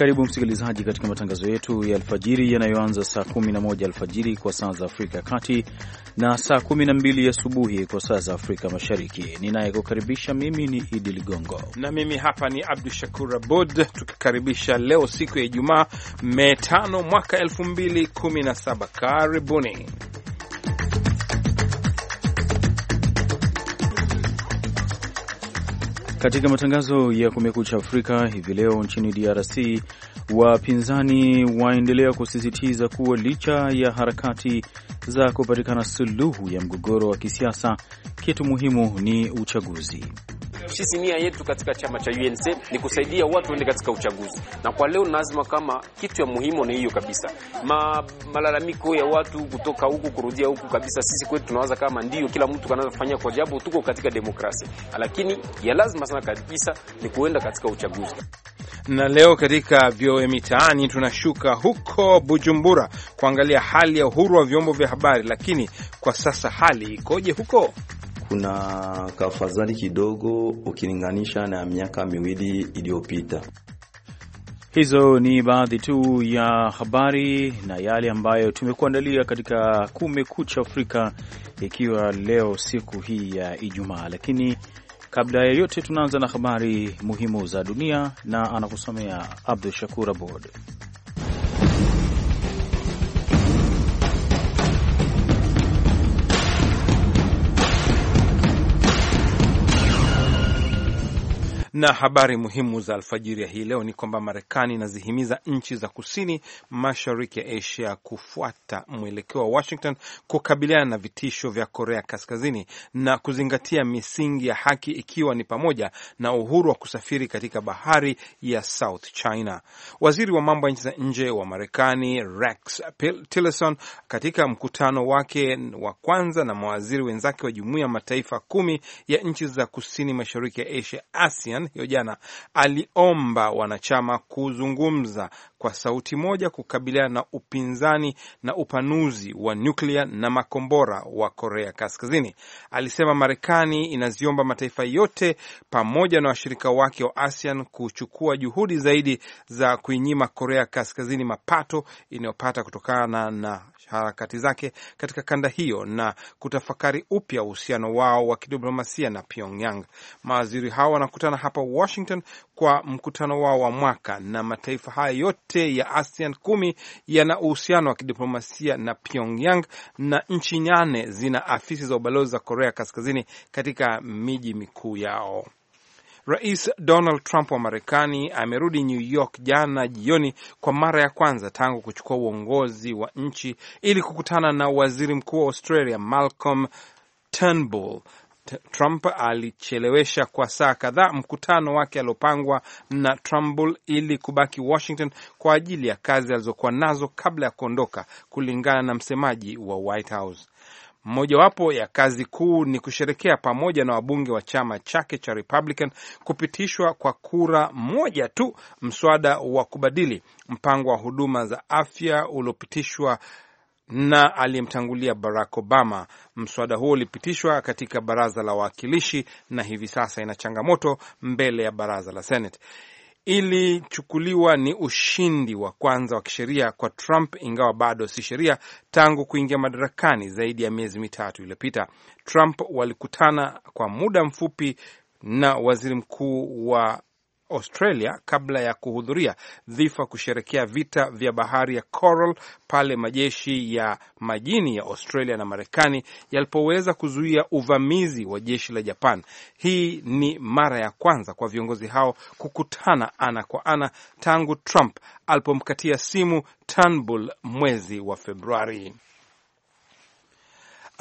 Karibu msikilizaji katika matangazo yetu ya alfajiri yanayoanza saa 11 alfajiri kwa saa za Afrika ya Kati na saa 12 asubuhi kwa saa za Afrika Mashariki. Ninayekukaribisha mimi ni Idi Ligongo na mimi hapa ni Abdu Shakur Abud, tukikaribisha leo siku ya Ijumaa Mei 5 mwaka 2017. Karibuni Katika matangazo ya Kumekucha Afrika hivi leo, nchini DRC wapinzani waendelea kusisitiza kuwa licha ya harakati za kupatikana suluhu ya mgogoro wa kisiasa, kitu muhimu ni uchaguzi. Sisi nia yetu katika chama cha UNC ni kusaidia watu wende katika uchaguzi, na kwa leo lazima kama kitu ya muhimu ni hiyo kabisa. Ma, malalamiko ya watu kutoka huku kurudia huku kabisa, sisi kwetu tunawaza kama ndio kila mtu kanazofanya kwa jabu tuko katika demokrasi, lakini ya lazima sana kabisa ni kuenda katika uchaguzi. Na leo katika VOA Mitaani tunashuka huko Bujumbura kuangalia hali ya uhuru wa vyombo vya habari, lakini kwa sasa hali ikoje huko? kuna kafadhali kidogo ukilinganisha na miaka miwili iliyopita. Hizo ni baadhi tu ya habari na yale ambayo tumekuandalia katika Kumekucha Afrika, ikiwa leo siku hii ya Ijumaa. Lakini kabla ya yote, tunaanza na habari muhimu za dunia na anakusomea abdu Shakur Abod. Na habari muhimu za alfajiri ya hii leo ni kwamba Marekani inazihimiza nchi za kusini mashariki ya Asia kufuata mwelekeo wa Washington kukabiliana na vitisho vya Korea Kaskazini na kuzingatia misingi ya haki, ikiwa ni pamoja na uhuru wa kusafiri katika bahari ya South China. Waziri wa mambo ya nchi za nje wa Marekani Rex Tillerson, katika mkutano wake wa kwanza na mawaziri wenzake wa Jumuiya ya Mataifa kumi ya nchi za kusini mashariki ya Asia, ASEAN hiyo jana aliomba wanachama kuzungumza kwa sauti moja kukabiliana na upinzani na upanuzi wa nyuklia na makombora wa Korea Kaskazini. Alisema Marekani inaziomba mataifa yote pamoja na washirika wake wa ASEAN kuchukua juhudi zaidi za kuinyima Korea Kaskazini mapato inayopata kutokana na harakati zake katika kanda hiyo na kutafakari upya uhusiano wao wa kidiplomasia na Pyongyang. Mawaziri hao wanakutana hapa Washington kwa mkutano wao wa mwaka, na mataifa haya yote ya ASEAN kumi yana uhusiano wa kidiplomasia na Pyongyang, na nchi nyane zina afisi za ubalozi za Korea Kaskazini katika miji mikuu yao. Rais Donald Trump wa Marekani amerudi New York jana jioni kwa mara ya kwanza tangu kuchukua uongozi wa nchi ili kukutana na waziri mkuu wa Australia Malcolm Turnbull Trump alichelewesha kwa saa kadhaa mkutano wake aliopangwa na Trumbull ili kubaki Washington kwa ajili ya kazi alizokuwa nazo kabla ya kuondoka, kulingana na msemaji wa White House. Mojawapo ya kazi kuu ni kusherekea pamoja na wabunge wa chama chake cha Republican kupitishwa kwa kura moja tu mswada wa kubadili mpango wa huduma za afya uliopitishwa na aliyemtangulia Barack Obama. Mswada huo ulipitishwa katika baraza la wawakilishi na hivi sasa ina changamoto mbele ya baraza la Senate. Ilichukuliwa ni ushindi wa kwanza wa kisheria kwa Trump, ingawa bado si sheria, tangu kuingia madarakani zaidi ya miezi mitatu iliyopita. Trump walikutana kwa muda mfupi na waziri mkuu wa Australia kabla ya kuhudhuria dhifa kusherekea vita vya bahari ya Coral pale majeshi ya majini ya Australia na Marekani yalipoweza kuzuia uvamizi wa jeshi la Japan. Hii ni mara ya kwanza kwa viongozi hao kukutana ana kwa ana tangu Trump alipomkatia simu Turnbull mwezi wa Februari.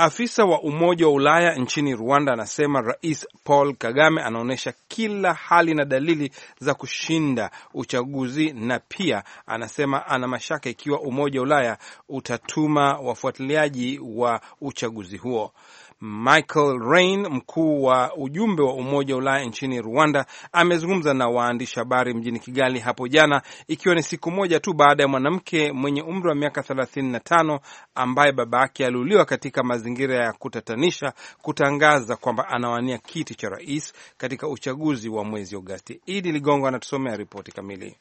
Afisa wa Umoja wa Ulaya nchini Rwanda anasema Rais Paul Kagame anaonyesha kila hali na dalili za kushinda uchaguzi, na pia anasema ana mashaka ikiwa Umoja wa Ulaya utatuma wafuatiliaji wa uchaguzi huo. Michael Rain, mkuu wa ujumbe wa Umoja wa Ulaya nchini Rwanda, amezungumza na waandishi habari mjini Kigali hapo jana, ikiwa ni siku moja tu baada ya mwanamke mwenye umri wa miaka 35 ambaye baba yake aliuliwa katika mazingira ya kutatanisha kutangaza kwamba anawania kiti cha rais katika uchaguzi wa mwezi Agosti. Idi Ligongo anatusomea ripoti kamili.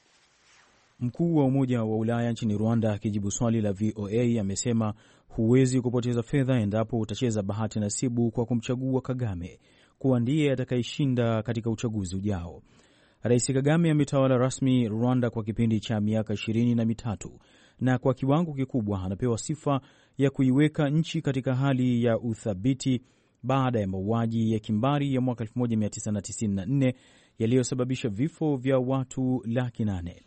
Mkuu wa Umoja wa Ulaya nchini Rwanda akijibu swali la VOA amesema Huwezi kupoteza fedha endapo utacheza bahati nasibu kwa kumchagua Kagame kuwa ndiye atakayeshinda katika uchaguzi ujao. Rais Kagame ametawala rasmi Rwanda kwa kipindi cha miaka ishirini na mitatu na kwa kiwango kikubwa anapewa sifa ya kuiweka nchi katika hali ya uthabiti baada ya mauaji ya kimbari ya mwaka 1994 yaliyosababisha vifo vya watu laki nane.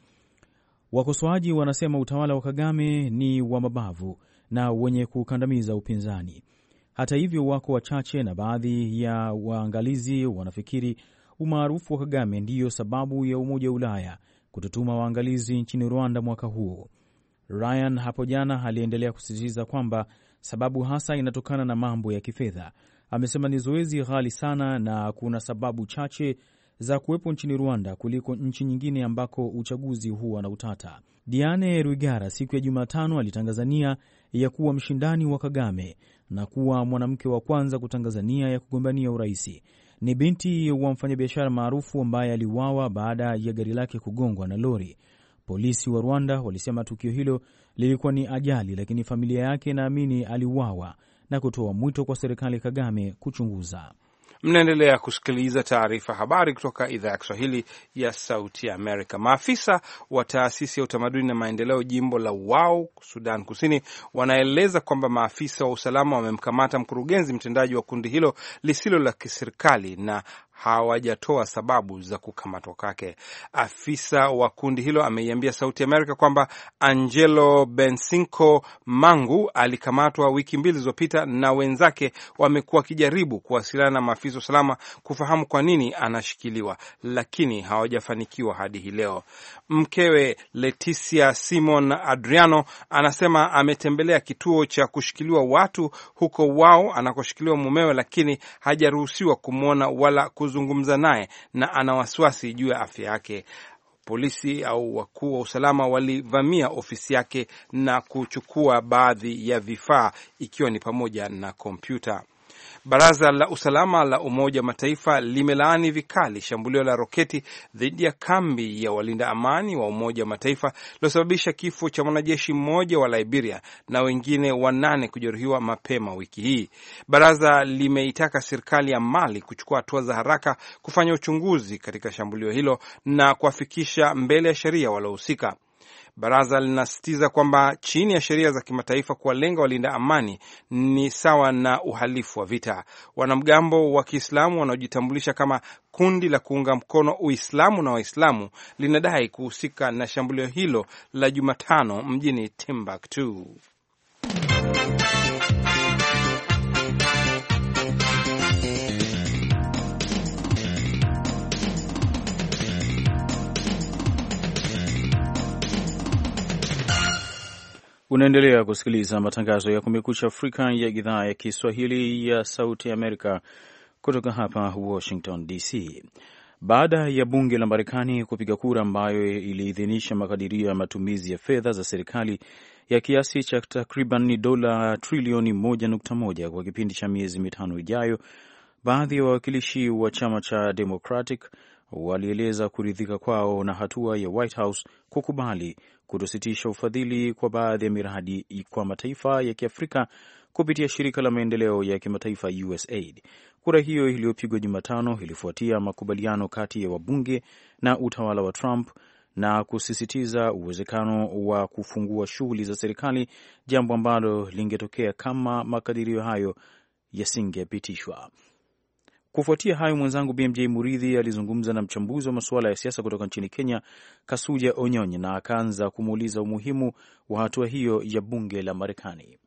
Wakosoaji wanasema utawala wa Kagame ni wa mabavu na wenye kukandamiza upinzani. Hata hivyo, wako wachache na baadhi ya waangalizi wanafikiri umaarufu wa Kagame ndiyo sababu ya Umoja wa Ulaya kutotuma waangalizi nchini Rwanda mwaka huu. Ryan hapo jana aliendelea kusisitiza kwamba sababu hasa inatokana na mambo ya kifedha. Amesema ni zoezi ghali sana na kuna sababu chache za kuwepo nchini Rwanda kuliko nchi nyingine ambako uchaguzi huwa na utata. Diane Rwigara siku ya Jumatano alitangazania ya kuwa mshindani wa Kagame na kuwa mwanamke wa kwanza kutangaza nia ya kugombania uraisi. Ni binti wa mfanyabiashara maarufu ambaye aliuawa baada ya gari lake kugongwa na lori. Polisi wa Rwanda walisema tukio hilo lilikuwa ni ajali, lakini familia yake inaamini aliuawa na kutoa mwito kwa serikali Kagame kuchunguza. Mnaendelea kusikiliza taarifa habari kutoka idhaa ya Kiswahili ya Sauti ya Amerika. Maafisa wa taasisi ya utamaduni na maendeleo jimbo la Wau, Sudan Kusini, wanaeleza kwamba maafisa wa usalama wamemkamata mkurugenzi mtendaji wa kundi hilo lisilo la kiserikali na hawajatoa sababu za kukamatwa kwake. Afisa wa kundi hilo ameiambia Sauti Amerika kwamba Angelo Bensinko Mangu alikamatwa wiki mbili zilizopita na wenzake wamekuwa wakijaribu kuwasiliana na maafisa wa usalama kufahamu kwa nini anashikiliwa, lakini hawajafanikiwa hadi hii leo. Mkewe Leticia Simon Adriano anasema ametembelea kituo cha kushikiliwa watu huko wao anakoshikiliwa mumewe, lakini hajaruhusiwa kumwona wala kuz kuzungumza naye na ana wasiwasi juu ya afya yake. Polisi au wakuu wa usalama walivamia ofisi yake na kuchukua baadhi ya vifaa ikiwa ni pamoja na kompyuta. Baraza la usalama la Umoja wa Mataifa limelaani vikali shambulio la roketi dhidi ya kambi ya walinda amani wa Umoja wa Mataifa lilosababisha kifo cha mwanajeshi mmoja wa Liberia na wengine wanane kujeruhiwa mapema wiki hii. Baraza limeitaka serikali ya Mali kuchukua hatua za haraka kufanya uchunguzi katika shambulio hilo na kuwafikisha mbele ya sheria waliohusika. Baraza linasisitiza kwamba chini ya sheria za kimataifa kuwalenga walinda amani ni sawa na uhalifu wa vita. Wanamgambo wa Kiislamu wanaojitambulisha kama kundi la kuunga mkono Uislamu na Waislamu linadai kuhusika na shambulio hilo la Jumatano mjini Timbuktu. Unaendelea kusikiliza matangazo ya Kumekucha Afrika ya idhaa ya Kiswahili ya Sauti ya Amerika kutoka hapa Washington DC. Baada ya bunge la Marekani kupiga kura ambayo iliidhinisha makadirio ya matumizi ya fedha za serikali ya kiasi cha takriban dola trilioni 1.1 kwa kipindi cha miezi mitano ijayo, baadhi ya wawakilishi wa chama cha Democratic walieleza kuridhika kwao na hatua ya White House kukubali kutositisha ufadhili kwa baadhi ya miradi kwa mataifa ya Kiafrika kupitia shirika la maendeleo ya kimataifa USAID. Kura hiyo iliyopigwa Jumatano ilifuatia makubaliano kati ya wabunge na utawala wa Trump na kusisitiza uwezekano wa kufungua shughuli za serikali, jambo ambalo lingetokea kama makadirio hayo yasingepitishwa. Kufuatia hayo, mwenzangu BMJ Muridhi alizungumza na mchambuzi wa masuala ya siasa kutoka nchini Kenya, Kasuja Onyonyi, na akaanza kumuuliza umuhimu wa hatua hiyo ya bunge la Marekani.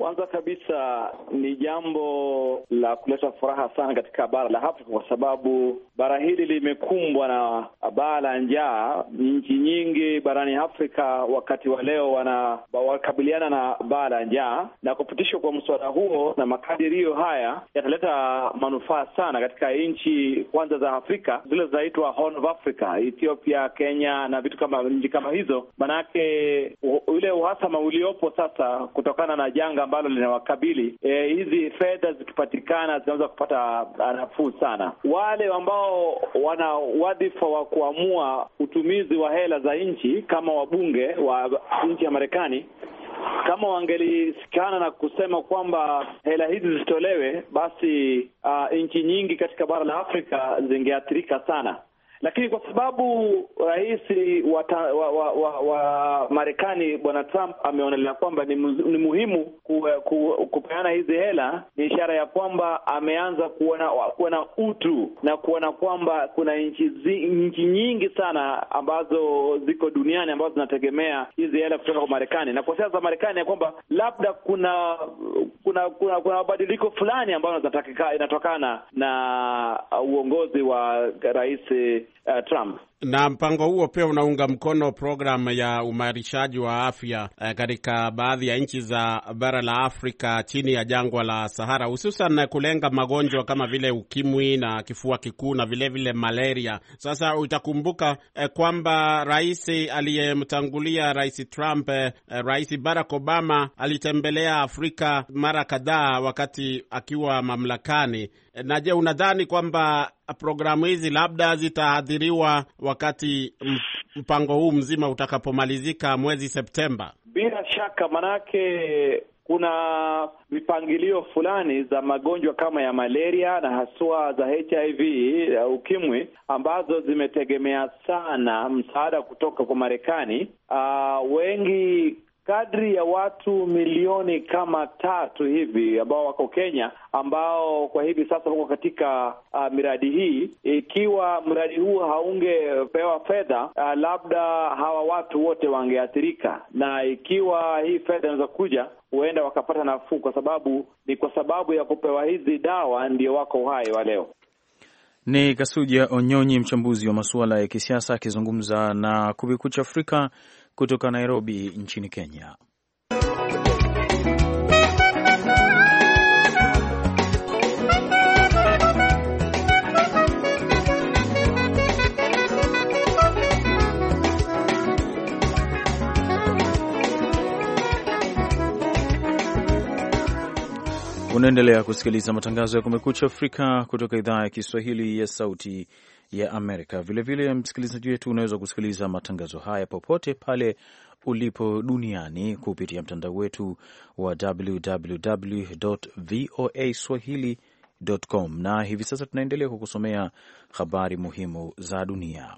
Kwanza kabisa ni jambo la kuleta furaha sana katika bara la Afrika kwa sababu bara hili limekumbwa na baa la njaa. Nchi nyingi barani Afrika wakati wa leo wanakabiliana na baa la njaa, na kupitishwa kwa mswada huo na makadirio haya yataleta manufaa sana katika nchi kwanza za Afrika zile zinaitwa Horn of Africa, Ethiopia, Kenya na vitu kama nchi kama hizo, manake ule uhasama uliopo sasa kutokana na janga ambalo linawakabili e, hizi e, fedha zikipatikana zinaweza kupata nafuu sana. Wale ambao wana wadhifa wa kuamua utumizi wa hela za nchi kama wabunge wa nchi ya Marekani kama wangelisikana na kusema kwamba hela hizi zitolewe, basi uh, nchi nyingi katika bara la Afrika zingeathirika sana lakini kwa sababu rais wa, wa, wa, wa, wa Marekani bwana Trump ameonelea kwamba ni, ni muhimu ku, ku, kupeana hizi hela, ni ishara ya kwamba ameanza kuona kuona utu na kuona kwamba kuna nchi nyingi sana ambazo ziko duniani ambazo zinategemea hizi hela kutoka kwa Marekani na kwa siasa za Marekani ya kwamba labda kuna kuna kuna kuna mabadiliko fulani ambayo inatokana na uongozi wa rais uh, Trump. Na mpango huo pia unaunga mkono programu ya umarishaji wa afya eh, katika baadhi ya nchi za bara la Afrika chini ya jangwa la Sahara, hususan kulenga magonjwa kama vile ukimwi na kifua kikuu na vilevile vile malaria. Sasa utakumbuka eh, kwamba rais aliyemtangulia rais Trump, eh, eh rais Barack Obama alitembelea Afrika mara kadhaa wakati akiwa mamlakani. Na je, unadhani kwamba programu hizi labda zitaathiriwa wakati mpango huu mzima utakapomalizika mwezi Septemba? Bila shaka, manake kuna mipangilio fulani za magonjwa kama ya malaria na haswa za HIV ukimwi, ambazo zimetegemea sana msaada kutoka kwa Marekani. Uh, wengi kadri ya watu milioni kama tatu hivi ambao wako Kenya, ambao kwa hivi sasa wako katika uh, miradi hii. Ikiwa mradi huu haungepewa fedha uh, labda hawa watu wote wangeathirika, na ikiwa hii fedha inaweza kuja huenda wakapata nafuu, kwa sababu ni kwa sababu ya kupewa hizi dawa ndio wako uhai wa leo. Ni Kasuja Onyonyi, mchambuzi wa masuala ya kisiasa akizungumza na Kumekucha Afrika kutoka Nairobi nchini Kenya. Unaendelea kusikiliza matangazo ya Kumekucha Afrika kutoka idhaa ya Kiswahili ya Sauti ya Amerika. Vilevile msikilizaji wetu, unaweza kusikiliza matangazo haya popote pale ulipo duniani kupitia mtandao wetu wa www voa swahili.com, na hivi sasa tunaendelea kukusomea habari muhimu za dunia.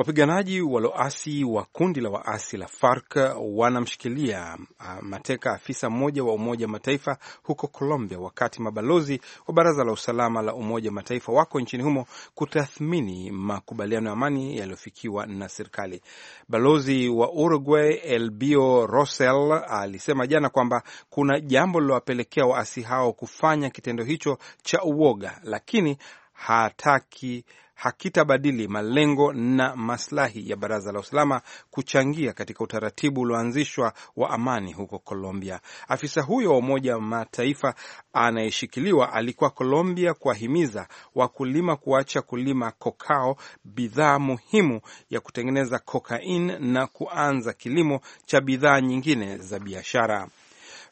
Wapiganaji waloasi wa kundi la waasi la FARC wanamshikilia ah, mateka afisa mmoja wa Umoja wa Mataifa huko Colombia, wakati mabalozi wa Baraza la Usalama la Umoja wa Mataifa wako nchini humo kutathmini makubaliano ya amani yaliyofikiwa na serikali. Balozi wa Uruguay Elbio Rosel alisema jana kwamba kuna jambo lilowapelekea waasi hao kufanya kitendo hicho cha uoga, lakini hataki hakitabadili malengo na maslahi ya Baraza la Usalama kuchangia katika utaratibu ulioanzishwa wa amani huko Colombia. Afisa huyo wa Umoja wa Mataifa anayeshikiliwa alikuwa Colombia kuwahimiza wakulima kuacha kulima kokao, bidhaa muhimu ya kutengeneza kokain, na kuanza kilimo cha bidhaa nyingine za biashara.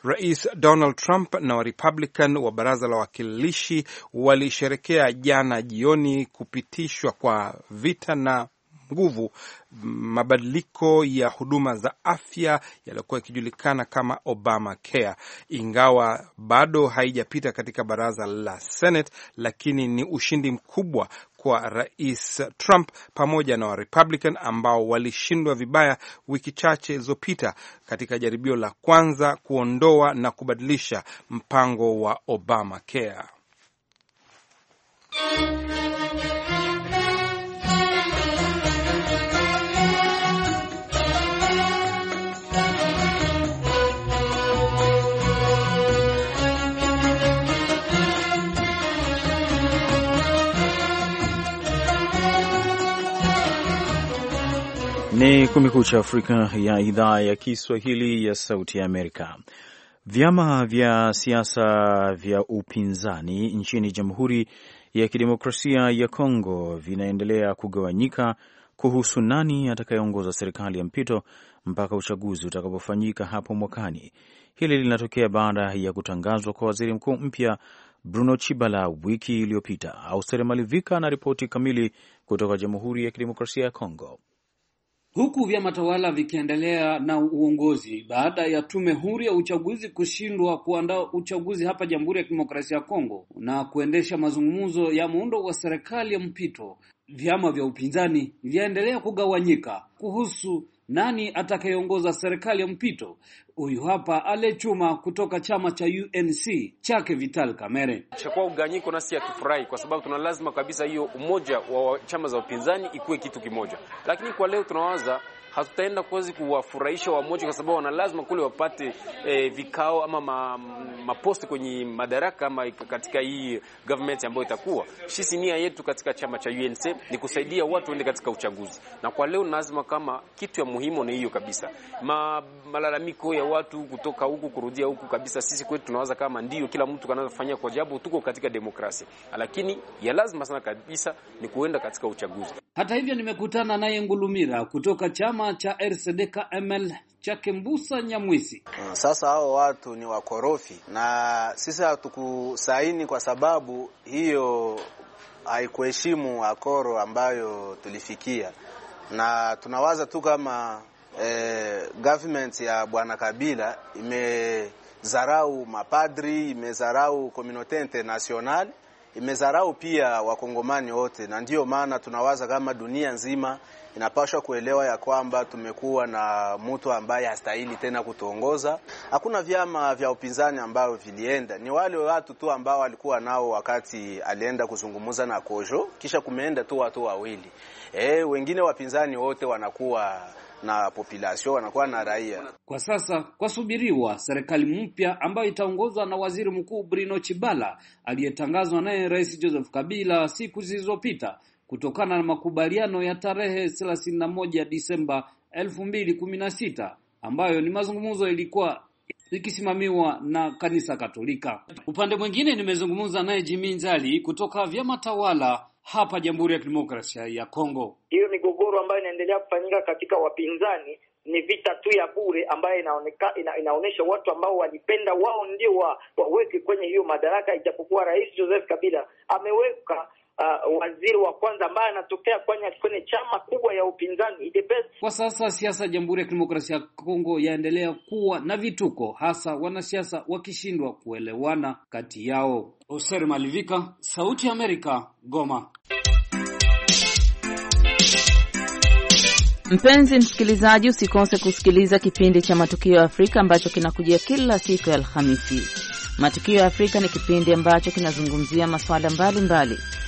Rais Donald Trump na Warepublican wa baraza la wawakilishi walisherekea jana jioni kupitishwa kwa vita na nguvu mabadiliko ya huduma za afya yaliyokuwa yakijulikana kama Obama ingawa bado haijapita katika baraza la Senate, lakini ni ushindi mkubwa kwa Rais Trump pamoja na Warepublican ambao walishindwa vibaya wiki chache zilizopita katika jaribio la kwanza kuondoa na kubadilisha mpango wa Obamacare. Ni Kumekucha Afrika ya idhaa ya Kiswahili ya Sauti ya Amerika. Vyama vya siasa vya upinzani nchini Jamhuri ya Kidemokrasia ya Kongo vinaendelea kugawanyika kuhusu nani atakayeongoza serikali ya mpito mpaka uchaguzi utakapofanyika hapo mwakani. Hili linatokea baada ya kutangazwa kwa waziri mkuu mpya Bruno Chibala wiki iliyopita. Auster Malivika anaripoti kamili kutoka Jamhuri ya Kidemokrasia ya Kongo huku vyama tawala vikiendelea na uongozi baada ya tume huru ya uchaguzi kushindwa kuandaa uchaguzi hapa Jamhuri ya Kidemokrasia ya Kongo na kuendesha mazungumzo ya muundo wa serikali ya mpito, vyama vya upinzani vyaendelea kugawanyika kuhusu nani atakayeongoza serikali ya mpito? Huyu hapa alechuma kutoka chama cha UNC chake Vital Kamerhe. Chakuwa uganyiko nasi hatufurahi, kwa sababu tuna lazima kabisa hiyo umoja wa chama za upinzani ikuwe kitu kimoja, lakini kwa leo tunawaza hatutaenda kuwezi kuwafurahisha wamoja, kwa sababu wana lazima kule wapate e, vikao ama ma, maposti kwenye madaraka ama katika hii government ambayo itakuwa. Sisi nia yetu katika chama cha UNC ni kusaidia watu waende katika uchaguzi, na kwa leo lazima kama kitu ya muhimu ni hiyo kabisa. Ma, malalamiko ya watu kutoka huku kurudia huku kabisa, sisi kwetu tunawaza kama ndio kila mtu kanafanya kwa jabu, tuko katika demokrasia, lakini ya lazima sana kabisa ni kuenda katika uchaguzi. Hata hivyo nimekutana naye Ngulumira kutoka chama cha RCD-ML chake Mbusa Nyamwisi. Mm, sasa hao watu ni wakorofi na sisi hatukusaini kwa sababu hiyo haikuheshimu akoro ambayo tulifikia, na tunawaza tu kama eh, government ya bwana Kabila imezarau mapadri, imezarau communauté internationale imezarau pia wakongomani wote, na ndiyo maana tunawaza kama dunia nzima inapaswa kuelewa ya kwamba tumekuwa na mtu ambaye hastahili tena kutuongoza. Hakuna vyama vya upinzani ambayo vilienda, ni wale watu tu ambao walikuwa nao wakati alienda kuzungumza na Kojo, kisha kumeenda tu watu wawili. E, wengine wapinzani wote wanakuwa na population wanakuwa na raia. Kwa sasa kwasubiriwa serikali mpya ambayo itaongozwa na waziri mkuu Bruno Chibala aliyetangazwa naye Rais Joseph Kabila siku zilizopita kutokana na makubaliano ya tarehe 31 Disemba 2016 ambayo ni mazungumzo ilikuwa ikisimamiwa na kanisa Katolika. Upande mwingine nimezungumza naye Jimi Nzali kutoka vyama tawala hapa Jamhuri ya Kidemokrasia ya Kongo. Hiyo migogoro ambayo inaendelea kufanyika katika wapinzani ni vita tu ya bure ambayo inaoneka, ina, inaonyesha watu ambao walipenda wao ndio wa, waweke kwenye hiyo madaraka, ijapokuwa Rais Joseph Kabila ameweka uh, waziri wa kwanza ambaye anatokea kwenye, kwenye chama kubwa ya upinzani UDPS. Kwa sasa siasa ya Jamhuri ya Kidemokrasia ya Kongo yaendelea kuwa na vituko, hasa wanasiasa wakishindwa kuelewana kati yao. Oser Malivika, Sauti ya Amerika, Goma. Mpenzi msikilizaji, usikose kusikiliza kipindi cha Matukio ya Afrika ambacho kinakujia kila siku ya Alhamisi. Matukio ya Afrika ni kipindi ambacho kinazungumzia masuala mbalimbali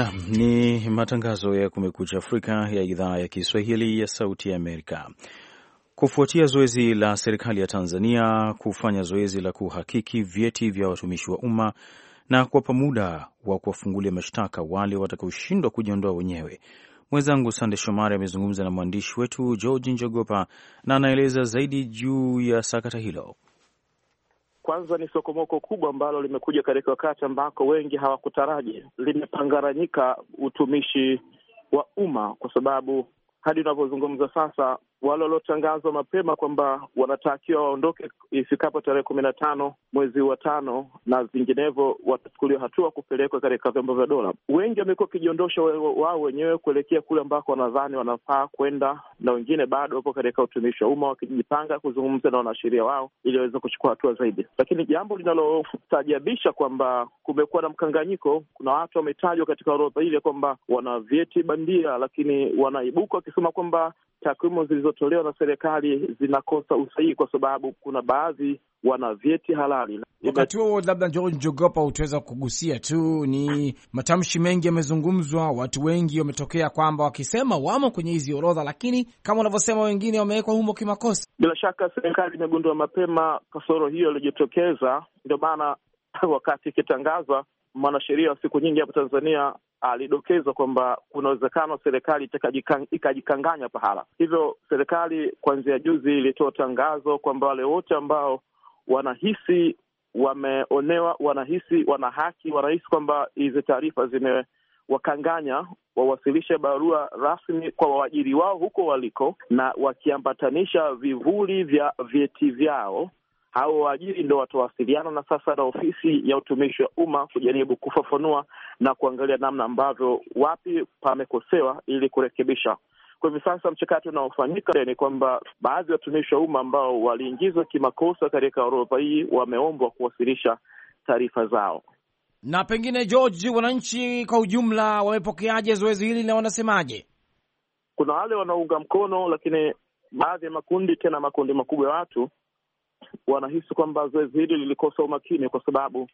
Naam, ni matangazo ya Kumekucha Afrika ya idhaa ya Kiswahili ya Sauti ya Amerika. Kufuatia zoezi la serikali ya Tanzania kufanya zoezi la kuhakiki vyeti vya watumishi wa umma na kuwapa muda wa kuwafungulia mashtaka wale watakaoshindwa kujiondoa wenyewe, mwenzangu Sande Shomari amezungumza na mwandishi wetu Georgi Njogopa na anaeleza zaidi juu ya sakata hilo kwanza ni sokomoko kubwa ambalo limekuja katika wakati ambako wengi hawakutaraji. Limepangaranyika utumishi wa umma, kwa sababu hadi unavyozungumza sasa wale waliotangazwa mapema kwamba wanatakiwa waondoke ifikapo tarehe kumi na tano mwezi wa tano, na vinginevyo watachukuliwa hatua kupelekwa katika vyombo vya dola. Wengi wamekuwa wakijiondosha wao wenyewe kuelekea kule ambako wanadhani wanafaa kwenda, na wengine bado wapo katika utumishi wa umma wakijipanga kuzungumza na wanasheria wao ili waweze kuchukua hatua zaidi. Lakini jambo linalostajabisha kwamba kumekuwa na mkanganyiko. Kuna watu wametajwa katika orodha ile kwamba wana vyeti bandia, lakini wanaibuka wakisema kwamba takwimu zilizotolewa na serikali zinakosa usahihi, kwa sababu kuna baadhi wana vyeti halali. Wakati huo labda George Njogopa, utaweza kugusia tu, ni matamshi mengi yamezungumzwa, watu wengi wametokea kwamba wakisema wamo kwenye hizi orodha, lakini kama unavyosema wengine wamewekwa humo kimakosa. Bila shaka serikali imegundua mapema kasoro hiyo iliyojitokeza, ndio maana wakati ikitangaza mwanasheria wa siku nyingi hapa Tanzania alidokeza kwamba kuna uwezekano serikali ikajikanganya pahala. Hivyo serikali kuanzia juzi ilitoa tangazo kwamba wale wote ambao wanahisi wameonewa, wanahisi wana haki, wanahisi kwamba hizi taarifa zimewakanganya, wawasilishe barua rasmi kwa waajiri wao huko waliko, na wakiambatanisha vivuli vya vyeti vyao hao waajiri ndo watawasiliana na sasa na ofisi ya utumishi wa umma kujaribu kufafanua na kuangalia namna ambavyo wapi pamekosewa ili kurekebisha. Kwa hivi sasa mchakato unaofanyika ni kwamba baadhi ya watumishi wa umma ambao waliingizwa kimakosa katika orodha hii wameombwa kuwasilisha taarifa zao. Na pengine, George, wananchi kwa ujumla wamepokeaje zoezi hili na wanasemaje? Kuna wale wanaunga mkono, lakini baadhi ya makundi, tena makundi makubwa ya watu wanahisi kwamba zoezi hili lilikosa umakini kwa sababu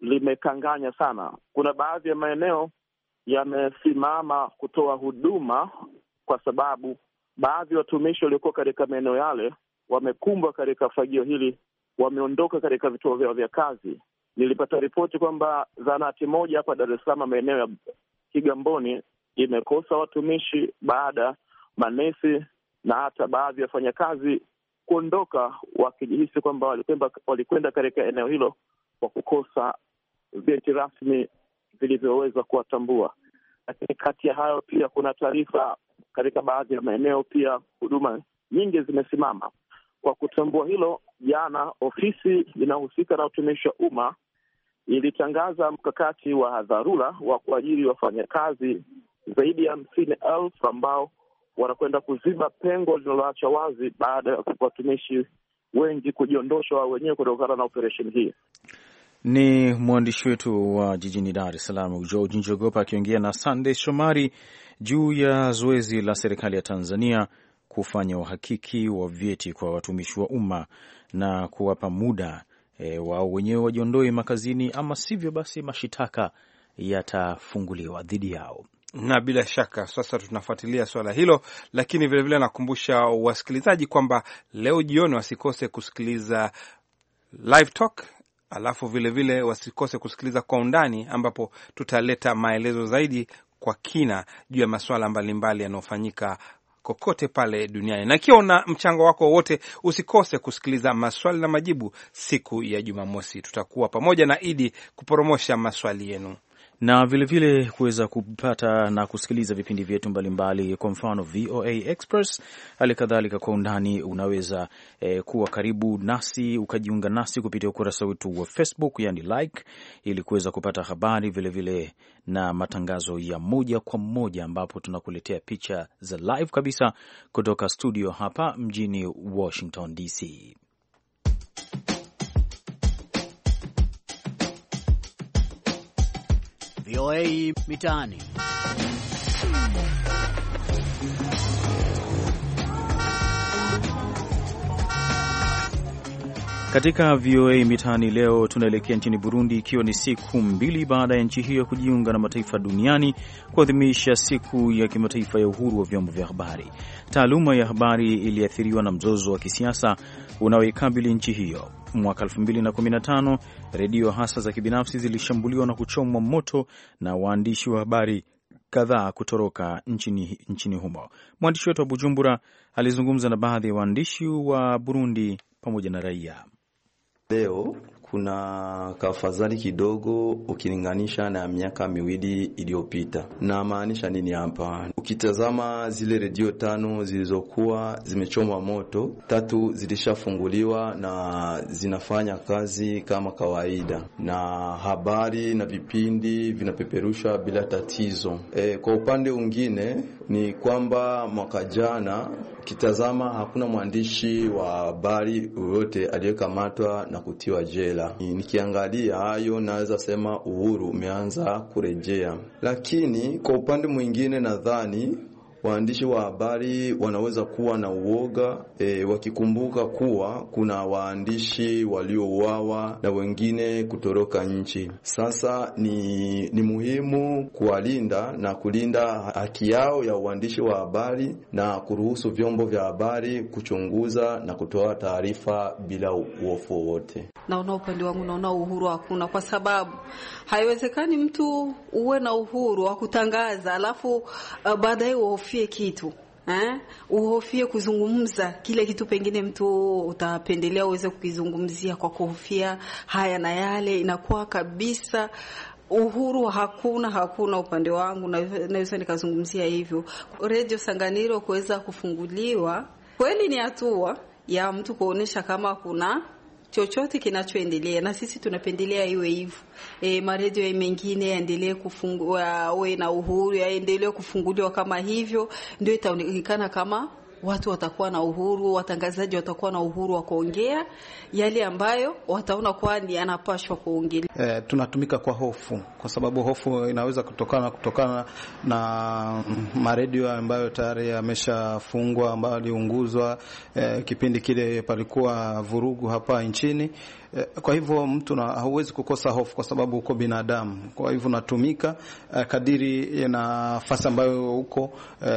limekanganya sana. Kuna baadhi ya maeneo yamesimama kutoa huduma kwa sababu baadhi ya watumishi waliokuwa katika maeneo yale wamekumbwa katika fagio hili, wameondoka katika vituo vyao vya kazi. Nilipata ripoti kwamba zahanati moja hapa Dar es Salaam maeneo ya Kigamboni imekosa watumishi baada manesi na hata baadhi ya wafanyakazi kuondoka wakijihisi kwamba walikwenda katika eneo hilo kwa kukosa vyeti rasmi vilivyoweza kuwatambua. Lakini kati ya hayo pia kuna taarifa katika baadhi ya maeneo pia huduma nyingi zimesimama. Kwa kutambua hilo, jana ofisi inayohusika na utumishi wa umma ilitangaza mkakati wa dharura wa kuajiri wafanyakazi zaidi ya hamsini elfu ambao wanakwenda kuziba pengo linaloacha wazi baada ya watumishi wengi kujiondoshwa wenyewe kutokana na operesheni hii. Ni mwandishi wetu wa jijini Dar es Salaam, George Njogopa, akiongea na Sandey Shomari juu ya zoezi la serikali ya Tanzania kufanya uhakiki wa vyeti kwa watumishi wa umma na kuwapa muda e, wao wenyewe wajiondoe makazini, ama sivyo basi mashitaka yatafunguliwa dhidi yao na bila shaka sasa tunafuatilia swala hilo, lakini vilevile nakumbusha wasikilizaji kwamba leo jioni wasikose kusikiliza live talk, alafu vilevile vile wasikose kusikiliza kwa undani, ambapo tutaleta maelezo zaidi kwa kina juu ya masuala mbalimbali yanayofanyika kokote pale duniani. Na ikiwa una mchango wako wowote, usikose kusikiliza maswali na majibu siku ya Jumamosi. Tutakuwa pamoja na Idi kuporomosha maswali yenu na vilevile kuweza kupata na kusikiliza vipindi vyetu mbalimbali, kwa mfano VOA Express, hali kadhalika kwa undani. Unaweza eh, kuwa karibu nasi ukajiunga nasi kupitia ukurasa wetu wa Facebook, yani like, ili kuweza kupata habari vilevile vile na matangazo ya moja kwa moja, ambapo tunakuletea picha za live kabisa kutoka studio hapa mjini Washington DC. VOA Mitaani. Katika VOA Mitaani leo tunaelekea nchini Burundi, ikiwa ni siku mbili baada ya nchi hiyo kujiunga na mataifa duniani kuadhimisha siku ya kimataifa ya uhuru wa vyombo vya habari. Taaluma ya habari iliathiriwa na mzozo wa kisiasa unaoikabili nchi hiyo. Mwaka 2015 redio hasa za kibinafsi zilishambuliwa na kuchomwa moto na waandishi wa habari kadhaa kutoroka nchini, nchini humo. Mwandishi wetu wa Bujumbura alizungumza na baadhi ya waandishi wa Burundi pamoja na raia. Leo kuna kafadhali kidogo ukilinganisha na miaka miwili iliyopita. Na maanisha nini hapa? Ukitazama zile redio tano zilizokuwa zimechomwa moto, tatu zilishafunguliwa na zinafanya kazi kama kawaida, na habari na vipindi vinapeperusha bila tatizo. E, kwa upande mwingine ni kwamba mwaka jana kitazama, hakuna mwandishi wa habari yoyote aliyekamatwa na kutiwa jela. Nikiangalia hayo, naweza sema uhuru umeanza kurejea, lakini kwa upande mwingine nadhani waandishi wa habari wanaweza kuwa na uoga e, wakikumbuka kuwa kuna waandishi waliouawa na wengine kutoroka nchi. Sasa ni, ni muhimu kuwalinda na kulinda haki yao ya uandishi wa habari na kuruhusu vyombo vya habari kuchunguza na kutoa taarifa bila uofu wowote. Naona upande wangu, naona uhuru hakuna, kwa sababu haiwezekani mtu uwe na uhuru wa kutangaza alafu uh, baadaye uofu usihofie kitu eh? Uhofie kuzungumza kile kitu, pengine mtu utapendelea uweze kukizungumzia kwa kuhofia haya na yale, inakuwa kabisa uhuru hakuna, hakuna upande wangu, naweza nikazungumzia hivyo. Redio Sanganiro kuweza kufunguliwa kweli ni hatua ya mtu kuonyesha kama kuna chochote kinachoendelea, na sisi tunapendelea iwe hivyo. E, maredio mengine yaendelee kufungua, awe na uhuru, yaendelee kufunguliwa kama hivyo, ndio itaonekana kama watu watakuwa na uhuru, watangazaji watakuwa na uhuru wa kuongea yale ambayo wataona kwani anapashwa kuongea. E, eh, tunatumika kwa hofu, kwa sababu hofu inaweza kutokana kutokana na maredio ambayo tayari yameshafungwa, ambayo aliunguzwa. e, eh, kipindi kile palikuwa vurugu hapa nchini. Eh, kwa hivyo mtu hauwezi kukosa hofu, kwa sababu uko binadamu. Kwa hivyo natumika kadiri na nafasi ambayo uko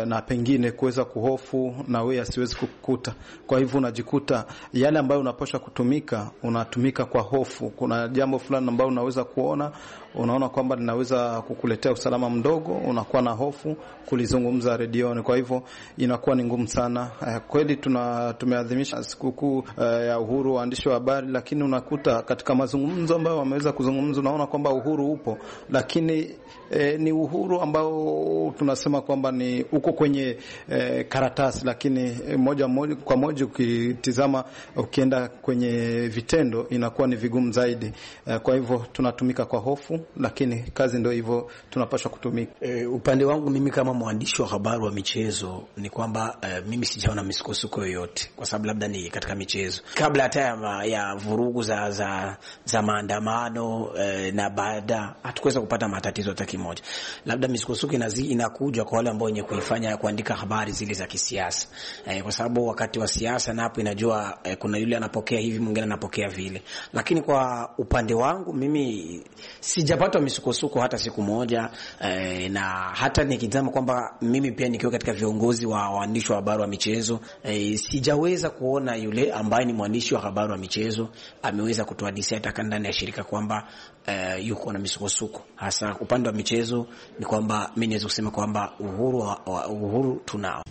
na pengine kuweza kuhofu na wewe asiwezi kukukuta. Kwa hivyo unajikuta yale ambayo unapaswa kutumika unatumika kwa hofu. Kuna jambo fulani ambalo unaweza kuona, unaona kwamba linaweza kukuletea usalama mdogo, unakuwa na hofu kulizungumza redioni. Kwa hivyo inakuwa ni ngumu sana. Eh, kweli tuna tumeadhimisha sikukuu eh, ya uhuru wa waandishi wa habari, lakini unakuta katika mazungumzo ambayo wameweza kuzungumza, unaona kwamba uhuru upo, lakini eh, ni uhuru ambao tunasema kwamba ni uko kwenye eh, karatasi lakini lakini eh, moja moja kwa moja ukitizama, ukienda kwenye vitendo inakuwa ni vigumu zaidi. Eh, kwa hivyo tunatumika kwa hofu, lakini kazi ndio hivyo, tunapaswa kutumika. E, upande wangu mimi kama mwandishi wa habari wa michezo ni kwamba e, mimi sijaona misukosuko yoyote, kwa sababu labda ni katika michezo kabla hata ya, ya vurugu za, za, za maandamano e, na baada hatukuweza kupata matatizo hata kimoja. Labda misukosuko inakuja kwa wale ambao wenye kuifanya kuandika habari zile za kisiasa eh, kwa sababu wakati wa siasa na hapo inajua eh, kuna yule anapokea hivi mwingine anapokea vile. Lakini kwa upande wangu mimi sijapatwa misukosuko hata siku moja eh, na hata nikizama kwamba mimi pia nikiwa katika viongozi wa waandishi wa habari wa michezo eh, sijaweza kuona yule ambaye ni mwandishi wa habari wa michezo ameweza disi hata ndani ya shirika kwamba eh, yuko na misukosuko hasa upande wa michezo. Ni kwamba mimi naweza kusema kwamba uhuru, wa, uhuru tunao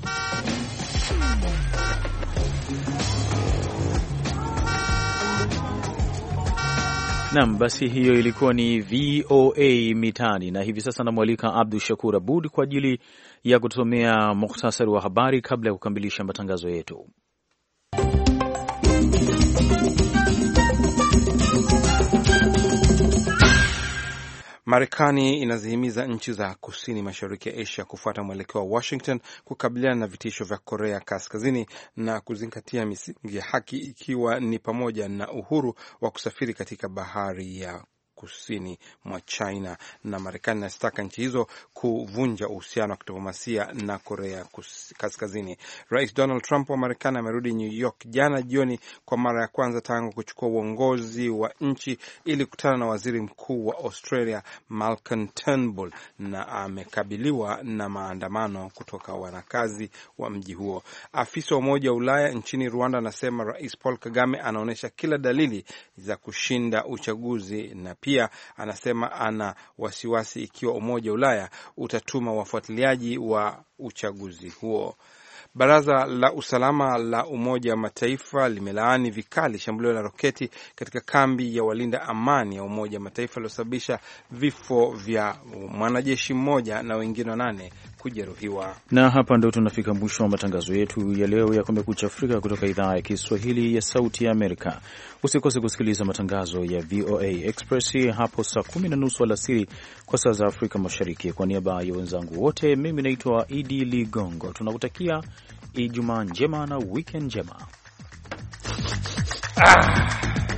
Nam, basi hiyo ilikuwa ni VOA Mitaani, na hivi sasa namwalika Abdu Shakur Abud kwa ajili ya kutusomea muhtasari wa habari kabla ya kukamilisha matangazo yetu. Marekani inazihimiza nchi za kusini mashariki ya Asia kufuata mwelekeo wa Washington kukabiliana na vitisho vya Korea Kaskazini na kuzingatia misingi ya haki, ikiwa ni pamoja na uhuru wa kusafiri katika bahari ya kusini mwa China, na Marekani inazitaka nchi hizo kuvunja uhusiano wa kidiplomasia na Korea Kaskazini. Rais Donald Trump wa Marekani amerudi New York jana jioni kwa mara ya kwanza tangu kuchukua uongozi wa nchi ili kukutana na waziri mkuu wa Australia Malcolm Turnbull, na amekabiliwa na maandamano kutoka wanakazi wa mji huo. Afisa wa Umoja wa Ulaya nchini Rwanda anasema Rais Paul Kagame anaonyesha kila dalili za kushinda uchaguzi na pia pia anasema ana wasiwasi ikiwa Umoja wa Ulaya utatuma wafuatiliaji wa uchaguzi huo. Baraza la usalama la Umoja wa Mataifa limelaani vikali shambulio la roketi katika kambi ya walinda amani ya Umoja wa Mataifa lililosababisha vifo vya mwanajeshi mmoja na wengine wanane kujeruhiwa. Na hapa ndo tunafika mwisho wa matangazo yetu ya leo ya Kumekucha Afrika kutoka idhaa ya Kiswahili ya Sauti ya Amerika. Usikose kusikiliza matangazo ya VOA Express hapo saa kumi na nusu alasiri kwa saa za Afrika Mashariki. Kwa niaba ya wenzangu wote, mimi naitwa Idi Ligongo. Tunakutakia Ijumaa njema na wikend njema. Ah!